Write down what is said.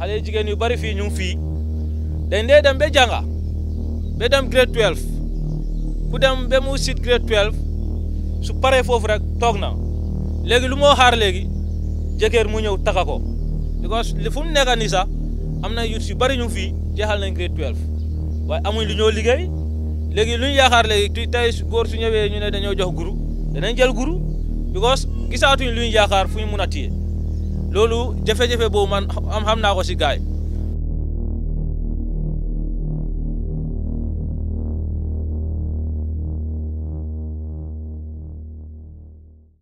xale jigéen yu bari fii ñu ngi fii dañ dee dem ba jànga ba dem grade 12 ku dem ba mu sit grade 12 su paree foofu rek toog na léegi lu moo xaar léegi jëkkër mu ñëw taka ko because li fu mu nekka ni am na yut yu bari ñu ngi fii jeexal nañ grade 12 waaye amuñ lu ñoo liggéey léegi lu ñu yaakaar léegi tey góor su ñëwee ñu ne dañoo jox guru danañ jël guru because gisaatuñ lu ñu yaakaar fu ñu mun a téye loolu jafe-jafe boobu man am xam naa ko si gaay